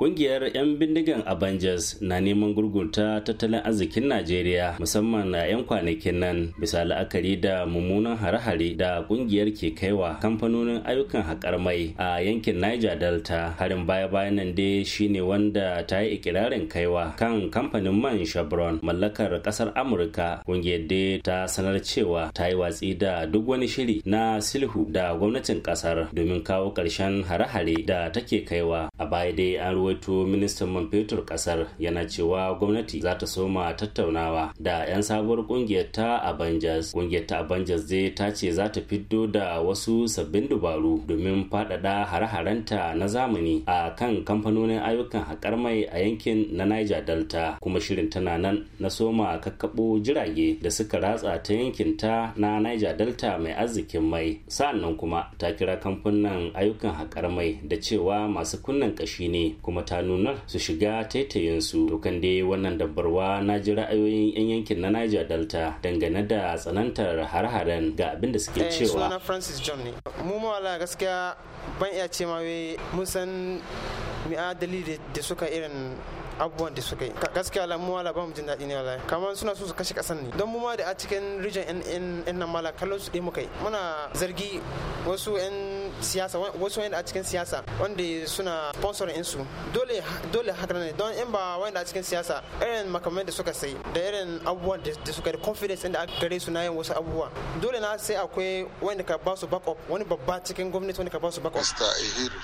ƙungiyar 'yan bindigan Avengers na neman gurgunta tattalin arzikin Najeriya musamman na 'yan kwanakin nan bisa la'akari da mummunan hare-hare da ƙungiyar ke kaiwa kamfanonin ayyukan haƙar mai a yankin Niger Delta. Harin baya-bayan nan dai shine wanda ta yi ikirarin kaiwa kan kamfanin man Chevron mallakar ƙasar Amurka. ƙungiyar dai ta sanar cewa ta yi watsi da duk wani shiri na sulhu da gwamnatin ƙasar domin kawo ƙarshen hare-hare da take kaiwa. A baya dai an ruwa ruwaito ministan man fetur kasar yana cewa gwamnati za ta soma tattaunawa da 'yan sabuwar kungiyar ta Avengers. Kungiyar ta Avengers zai ta ce za ta fiddo da wasu sabbin dubaru domin faɗaɗa hare-harenta na zamani a kan kamfanonin ayyukan haƙar mai a yankin na Niger Delta kuma shirin tana nan na soma kakkaɓo jirage da suka ratsa ta yankin ta na Niger Delta mai arzikin mai. Sa'annan kuma ta kira kamfanin ayyukan haƙar mai da cewa masu kunnen ƙashi ne kuma kuma ta nuna su shiga taitayinsu to kan dai wannan dabarwa na ji ra'ayoyin 'yan yankin na niger delta dangane da tsanantar har-haren ga abin da suke eh, cewa suna francis john ne mu mawala gaskiya ban iya ce ma mun san mi'a dalili da suka irin abubuwan da suka yi gaskiya la mu wala ba mu jin daɗi ne wallahi kamar suna so su kashe ƙasar ne don mu ma da a cikin region in nan mala kallon su ɗaya muka yi muna zargi wasu yan siyasa wasu wani a cikin siyasa wanda suna sponsor insu dole dole haka ne don in ba wani a cikin siyasa irin makamai da suka sai da irin abubuwan da suka da confidence inda aka gare su na yin wasu abubuwa dole na sai akwai wanda ka ba su backup wani babba cikin gwamnati wanda ka ba su backup Mr. Ihiru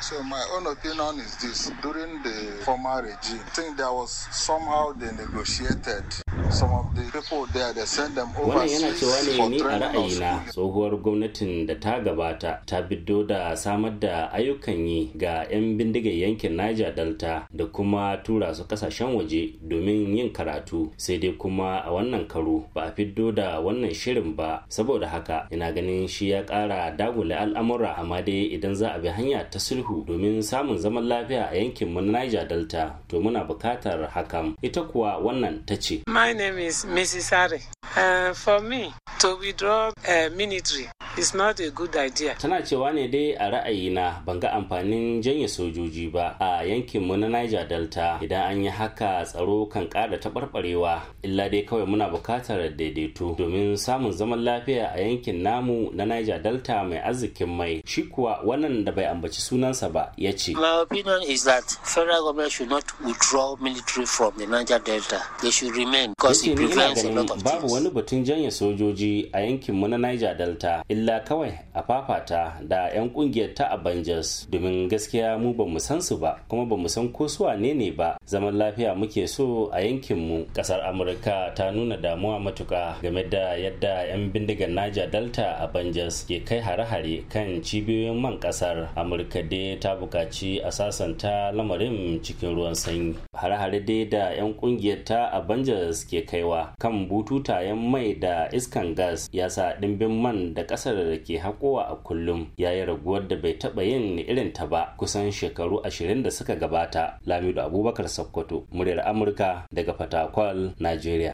So my own opinion is this during the former regime I think there was somehow they negotiated Wannan yana cewa ne ni a ra'ayina tsohuwar gwamnatin da ta gabata ta biddo da samar da ayyukan yi ga 'yan bindigar yankin Niger Delta da kuma tura su kasashen waje domin yin karatu sai dai kuma a wannan karo ba a fiddo da wannan shirin ba saboda haka ina ganin shi ya kara dagula al'amura amma dai idan za a bi hanya ta sulhu domin samun zaman lafiya a yankin mu Niger Delta to muna bukatar hakan ita kuwa wannan ta ce. name is Mrs. Harry. Uh, for me, to withdraw uh, military is not a good idea. Tana cewa ne dai a ra'ayina ban ga amfanin janye sojoji ba a yankin mu na Niger Delta idan an yi haka tsaro kan ƙara taɓarɓarewa illa dai kawai muna buƙatar daidaito domin samun zaman lafiya a yankin namu na Niger Delta mai arzikin mai shi kuwa wannan da bai ambaci sunansa ba ya ce. My opinion is that federal government should not withdraw military from the Niger Delta. They should remain because it prevents a lot of Babu wani batun janye sojoji a yankinmu na Niger Delta illa illa kawai a fafata da 'yan kungiyar ta Avengers domin gaskiya mu ba mu san su ba kuma ba mu san ko su wane ne ba zaman lafiya muke so a yankin mu kasar Amurka ta nuna damuwa matuka game da yadda 'yan bindigar Niger Delta Avengers ke kai hare-hare kan cibiyoyin man kasar Amurka dai ta bukaci a sasanta lamarin cikin ruwan sanyi hare-hare dai da 'yan kungiyar ta Avengers ke kaiwa kan bututayen mai da iskan gas ya sa dimbin man da kasar da ke haƙowa a kullum ya yi raguwar da bai taɓa yin irin ta ba kusan shekaru ashirin da suka gabata lamido abubakar sokoto muryar amurka daga fatakwal najeriya